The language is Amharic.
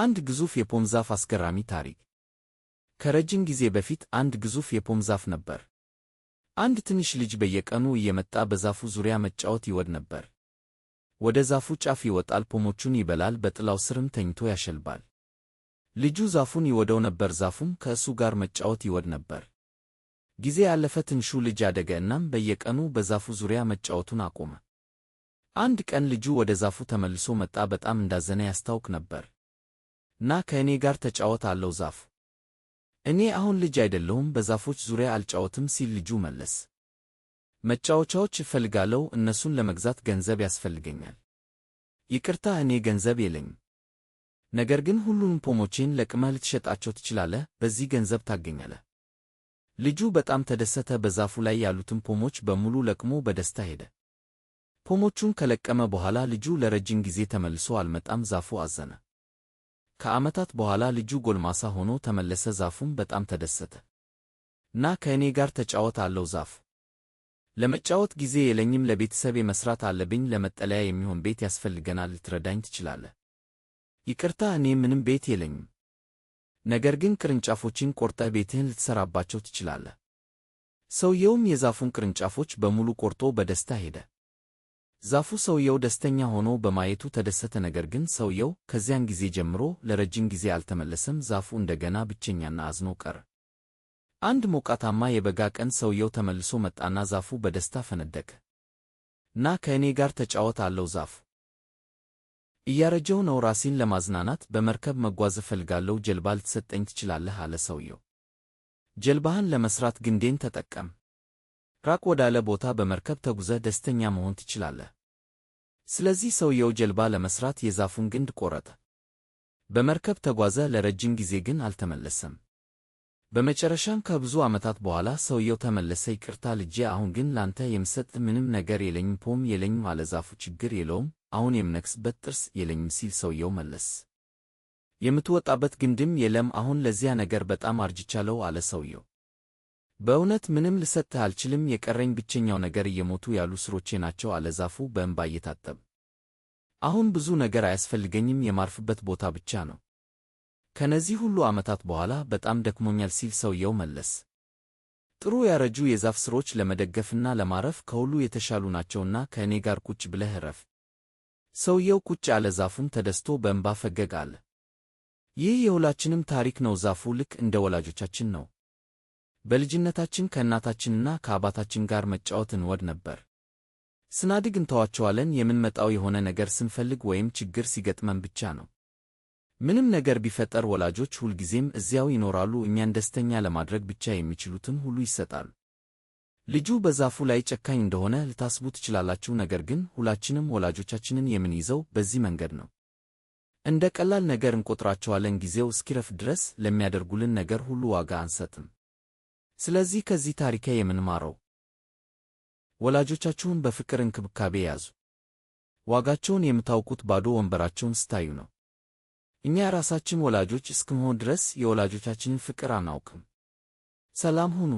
አንድ ግዙፍ የፖም ዛፍ አስገራሚ ታሪክ። ከረጅም ጊዜ በፊት አንድ ግዙፍ የፖም ዛፍ ነበር። አንድ ትንሽ ልጅ በየቀኑ እየመጣ በዛፉ ዙሪያ መጫወት ይወድ ነበር። ወደ ዛፉ ጫፍ ይወጣል፣ ፖሞቹን ይበላል፣ በጥላው ስርም ተኝቶ ያሸልባል። ልጁ ዛፉን ይወደው ነበር፣ ዛፉም ከእሱ ጋር መጫወት ይወድ ነበር። ጊዜ ያለፈ፣ ትንሹ ልጅ አደገ። እናም በየቀኑ በዛፉ ዙሪያ መጫወቱን አቆመ። አንድ ቀን ልጁ ወደ ዛፉ ተመልሶ መጣ። በጣም እንዳዘነ ያስታውቅ ነበር። ና ከእኔ ጋር ተጫወት አለው ዛፍ። እኔ አሁን ልጅ አይደለሁም በዛፎች ዙሪያ አልጫወትም ሲል ልጁ መለስ። መጫወቻዎች እፈልጋለሁ እነሱን ለመግዛት ገንዘብ ያስፈልገኛል። ይቅርታ እኔ ገንዘብ የለኝም። ነገር ግን ሁሉንም ፖሞቼን ለቅመህ ልትሸጣቸው ትችላለህ፣ በዚህ ገንዘብ ታገኛለህ። ልጁ በጣም ተደሰተ። በዛፉ ላይ ያሉትን ፖሞች በሙሉ ለቅሞ በደስታ ሄደ። ፖሞቹን ከለቀመ በኋላ ልጁ ለረጅም ጊዜ ተመልሶ አልመጣም። ዛፉ አዘነ። ከዓመታት በኋላ ልጁ ጎልማሳ ሆኖ ተመለሰ። ዛፉም በጣም ተደሰተ እና ከእኔ ጋር ተጫወት አለው። ዛፍ ለመጫወት ጊዜ የለኝም፣ ለቤተሰቤ መሥራት አለብኝ፣ ለመጠለያ የሚሆን ቤት ያስፈልገናል፣ ልትረዳኝ ትችላለህ? ይቅርታ፣ እኔ ምንም ቤት የለኝም፣ ነገር ግን ቅርንጫፎችን ቆርጠህ ቤትህን ልትሠራባቸው ትችላለህ። ሰውየውም የዛፉን ቅርንጫፎች በሙሉ ቆርጦ በደስታ ሄደ። ዛፉ ሰውየው ደስተኛ ሆኖ በማየቱ ተደሰተ። ነገር ግን ሰውየው ከዚያን ጊዜ ጀምሮ ለረጅም ጊዜ አልተመለሰም። ዛፉ እንደገና ብቸኛና አዝኖ ቀረ። አንድ ሞቃታማ የበጋ ቀን ሰውየው ተመልሶ መጣና ዛፉ በደስታ ፈነደቀ። ና ከእኔ ጋር ተጫወት አለው። ዛፉ እያረጀው ነው፣ ራሴን ለማዝናናት በመርከብ መጓዝ እፈልጋለሁ። ጀልባ ልትሰጠኝ ትችላለህ? አለ ሰውየው። ጀልባህን ለመስራት ግንዴን ተጠቀም ራቅ ወዳለ ቦታ በመርከብ ተጉዘህ ደስተኛ መሆን ትችላለህ። ስለዚህ ሰውየው ጀልባ ለመስራት የዛፉን ግንድ ቆረጠ። በመርከብ ተጓዘ፣ ለረጅም ጊዜ ግን አልተመለሰም። በመጨረሻም ከብዙ ዓመታት በኋላ ሰውየው ተመለሰ። ይቅርታ ልጄ፣ አሁን ግን ላንተ የምሰጥ ምንም ነገር የለኝም፣ ፖም የለኝም አለ። ዛፉ ችግር የለውም አሁን የምነክስበት ጥርስ የለኝም ሲል ሰውየው መለስ። የምትወጣበት ግንድም የለም አሁን ለዚያ ነገር በጣም አርጅቻለሁ አለ ሰውየው። በእውነት ምንም ልሰጥህ አልችልም። የቀረኝ ብቸኛው ነገር እየሞቱ ያሉ ስሮቼ ናቸው አለ ዛፉ በእንባ እየታጠበ። አሁን ብዙ ነገር አያስፈልገኝም፣ የማርፍበት ቦታ ብቻ ነው። ከነዚህ ሁሉ ዓመታት በኋላ በጣም ደክሞኛል ሲል ሰውየው መለስ። ጥሩ ያረጁ የዛፍ ስሮች ለመደገፍና ለማረፍ ከሁሉ የተሻሉ ናቸውና ከእኔ ጋር ቁጭ ብለህ እረፍ። ሰውየው ቁጭ አለ። ዛፉም ተደስቶ በእንባ ፈገግ አለ። ይህ የሁላችንም ታሪክ ነው። ዛፉ ልክ እንደ ወላጆቻችን ነው። በልጅነታችን ከእናታችንና ከአባታችን ጋር መጫወት እንወድ ነበር። ስናድግ እንተዋቸዋለን። የምንመጣው የሆነ ነገር ስንፈልግ ወይም ችግር ሲገጥመን ብቻ ነው። ምንም ነገር ቢፈጠር ወላጆች ሁልጊዜም እዚያው ይኖራሉ። እኛን ደስተኛ ለማድረግ ብቻ የሚችሉትን ሁሉ ይሰጣሉ። ልጁ በዛፉ ላይ ጨካኝ እንደሆነ ልታስቡ ትችላላችሁ። ነገር ግን ሁላችንም ወላጆቻችንን የምንይዘው በዚህ መንገድ ነው። እንደ ቀላል ነገር እንቆጥራቸዋለን። ጊዜው እስኪረፍ ድረስ ለሚያደርጉልን ነገር ሁሉ ዋጋ አንሰጥም። ስለዚህ ከዚህ ታሪክ የምንማረው ወላጆቻችሁን በፍቅር እንክብካቤ ያዙ። ዋጋቸውን የምታውቁት ባዶ ወንበራቸውን ስታዩ ነው። እኛ ራሳችን ወላጆች እስክንሆን ድረስ የወላጆቻችንን ፍቅር አናውቅም። ሰላም ሁኑ።